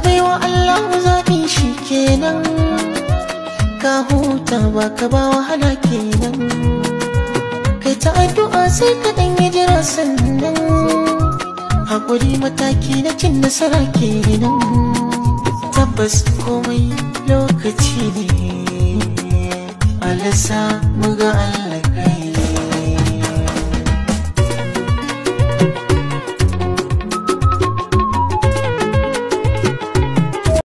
ka wa Allah zaɓin shi kenan ka huta ba ka ba wahala kenan kai ta addu'a sai ka ɗan yi jira sannan hakuri mataki na cin nasara kenan tabbas komai lokaci ne alasa muga Allah